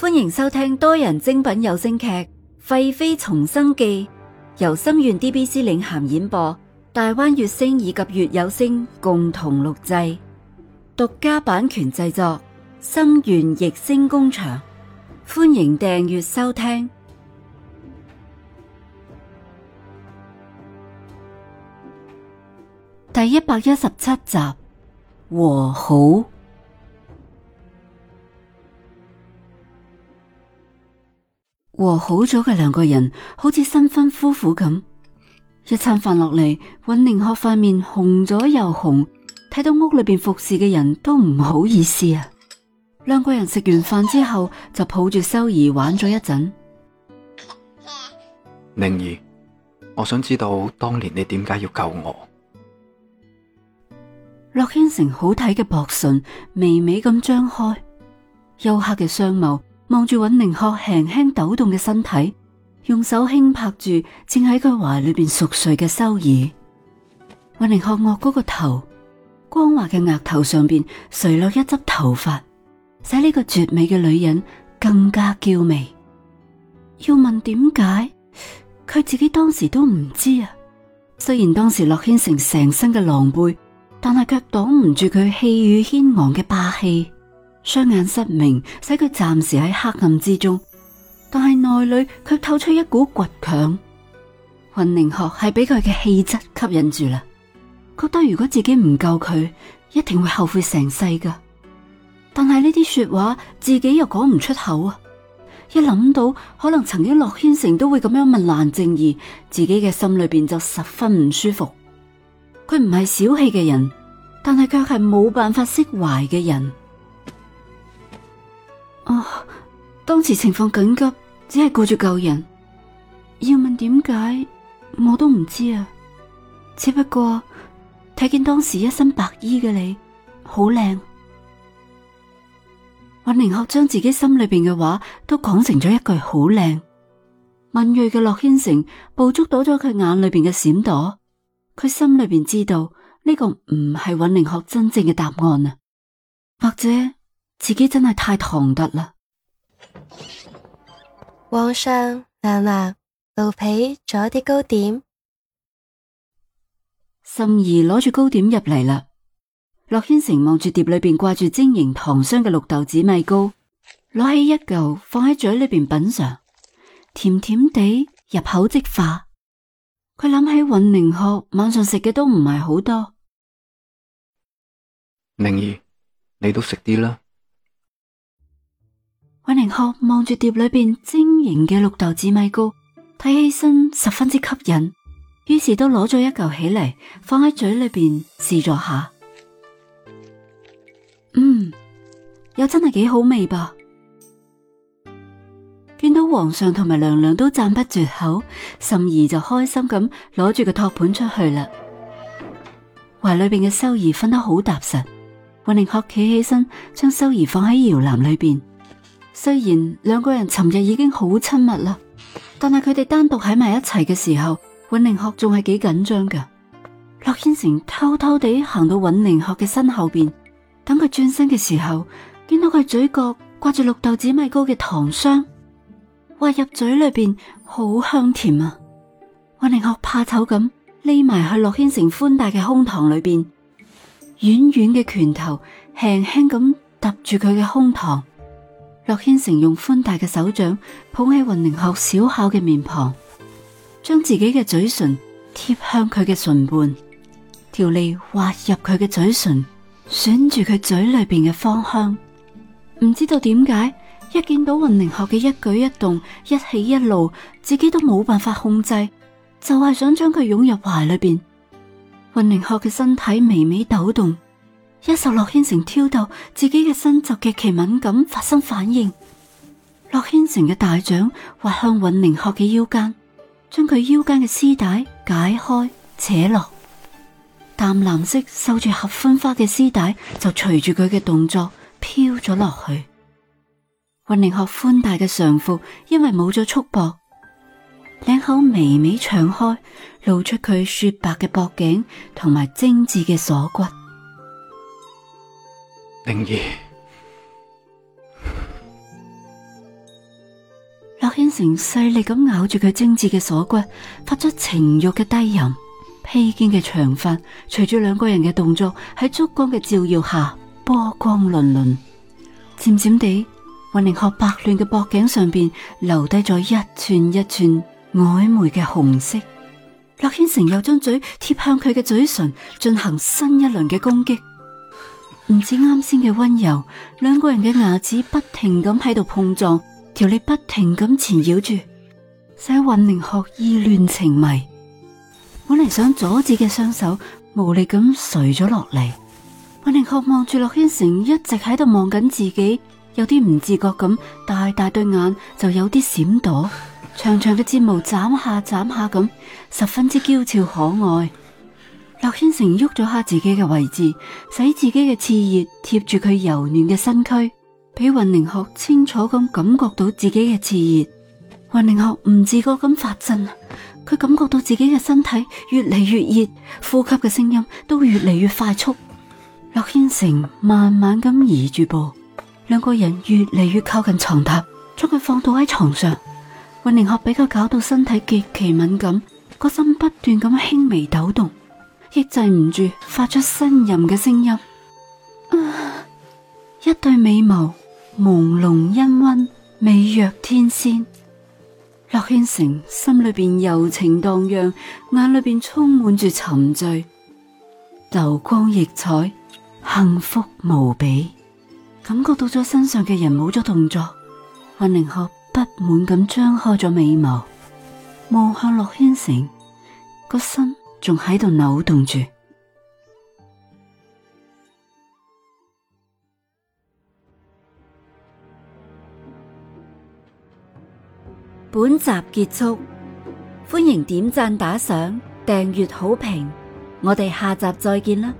歡迎收聽多人精品有聲劇《廢妃重生記》，由心願 DBC 領銜演播，大灣月星以及月有聲共同錄製，獨家版權製作，心願逸聲工場。歡迎訂閱收聽第一百一十七集和好。和好咗嘅兩個人好似新婚夫婦咁，一餐飯落嚟，尹寧鶴塊面紅咗又紅，睇到屋裏邊服侍嘅人都唔好意思啊。兩個人食完飯之後就抱住修兒玩咗一陣。寧兒，我想知道當年你點解要救我？駱千成好睇嘅薄唇微微咁張開，幽黑嘅雙眸，望住尹寧鶴輕輕抖動嘅身體，用手輕拍住正喺佢懷裏邊熟睡嘅修爾。尹寧鶴岳高個頭，光滑嘅額頭上邊垂落一執頭髮，使呢個絕美嘅女人更加嬌媚。要問點解，佢自己當時都唔知啊。雖然當時駱軒成成身嘅狼狽，但係卻擋唔住佢氣宇軒昂嘅霸氣。雙眼失明，使佢暫時喺黑暗之中，但係內裏却透出一股倔強。雲凝學係俾佢嘅氣質吸引住啦，覺得如果自己唔救佢，一定會後悔成世噶。但係呢啲說話，自己又講唔出口啊！一諗到可能曾經駱軒成都會咁樣問蘭正義，自己嘅心裏邊就十分唔舒服。佢唔係小氣嘅人，但係卻係冇辦法釋懷嘅人。當時情況緊急，只係顧住救人。要問點解，我都唔知啊。只不過睇見當時一身白衣嘅你，好靚。尹寧學將自己心裏邊嘅話都講成咗一句好靚。敏銳嘅駱軒成捕捉到咗佢眼裏邊嘅閃躲，佢心裏邊知道呢個唔係尹寧學真正嘅答案啊。或者自己真係太唐突啦。皇上娘娘，奴婢做啲糕點。心怡攞住糕點入嚟啦。洛軒成望住碟裏邊掛住晶瑩糖霜嘅綠豆紫米糕，攞起一嚿放喺嘴裏邊品嘗，甜甜地入口即化。佢諗起尹寧學晚上食嘅都唔係好多，寧兒，你都食啲啦。韋寧鶴望住碟裏邊晶瑩嘅綠豆紫米糕，睇起身十分之吸引，於是都攞咗一嚿起嚟，放喺嘴裏邊試咗下。嗯，又真係幾好味噃！見到皇上同埋娘娘都讚不絕口，心怡就開心咁攞住個托盤出去啦。懷裏邊嘅修兒瞓得好踏實，韋寧鶴企起身，將修兒放喺搖籃裏邊。雖然兩個人尋日已經好親密啦，但係佢哋單獨喺埋一齊嘅時候，尹寧學仲係幾緊張嘅。駱軒成偷偷地行到尹寧學嘅身後邊，等佢轉身嘅時候，見到佢嘴角掛住綠豆紫米糕嘅糖霜，滑入嘴裏邊，好香甜啊！尹寧學怕醜咁匿埋去駱軒成寬大嘅胸膛裏邊，軟軟嘅拳頭輕輕咁揼住佢嘅胸膛。駱軒成用寬大嘅手掌捧喺云凌鶴小巧嘅面龐，將自己嘅嘴唇貼向佢嘅唇瓣，條脷滑入佢嘅嘴唇，吮住佢嘴裏邊嘅芳香。唔知道點解，一見到云凌鶴嘅一舉一動、一喜一怒，自己都冇辦法控制，就係想將佢擁入懷裏邊。云凌鶴嘅身體微微抖動。一受駱軒城挑逗，自己嘅身就極其敏感發生反應。駱軒城嘅大掌滑向尹寧鶴嘅腰間，將佢腰間嘅絲帶解開扯落。淡藍色繡住合歡花嘅絲帶就隨住佢嘅動作飄咗落去。尹寧鶴寬大嘅上腹因為冇咗束縛，領口微微敞開，露出佢雪白嘅脖頸同埋精致嘅鎖骨。靈兒，洛軒成細力咁咬住佢精致嘅鎖骨，發出情欲嘅低吟。披肩嘅長發隨住兩個人嘅動作喺燭光嘅照耀下波光粼粼。漸漸地，云寧鶴白嫩嘅脖頸上邊留低咗一串一串曖昧嘅紅色。洛軒成又將嘴貼向佢嘅嘴唇，進行新一輪嘅攻擊。唔似啱先嘅温柔，兩個人嘅牙齒不停咁喺度碰撞，條脷不停咁纏繞住，使尹明學意亂情迷。本嚟想阻止嘅雙手無力咁垂咗落嚟，尹明學望住洛軒成一直喺度望緊自己，有啲唔自覺咁，大大對眼就有啲閃躲，長長嘅睫毛眨下眨下咁，十分之嬌俏可愛。洛軒成喐咗下自己嘅位置，使自己嘅熾熱貼住佢柔嫩嘅身軀，俾雲寧學清楚咁感覺到自己嘅熾熱。雲寧學唔自覺咁發震，佢感覺到自己嘅身體越嚟越熱，呼吸嘅聲音都越嚟越快速。洛軒成慢慢咁移住步，兩個人越嚟越靠近床榻，將佢放到喺床上。雲寧學俾佢搞到身體極其敏感，個心不斷咁輕微抖動。抑制唔住發出呻吟嘅聲音，啊，一對美眸朦朧氤氳，美若天仙。洛軒成心裏邊柔情蕩漾，眼裏邊充滿住沉醉，流光溢彩，幸福無比。感覺到咗身上嘅人冇咗動作，溫寧鶴不滿咁張開咗美眸，望向洛軒成個心仲喺度扭動住。本集結束，歡迎點讚打賞、訂閱好評，我哋下集再見啦。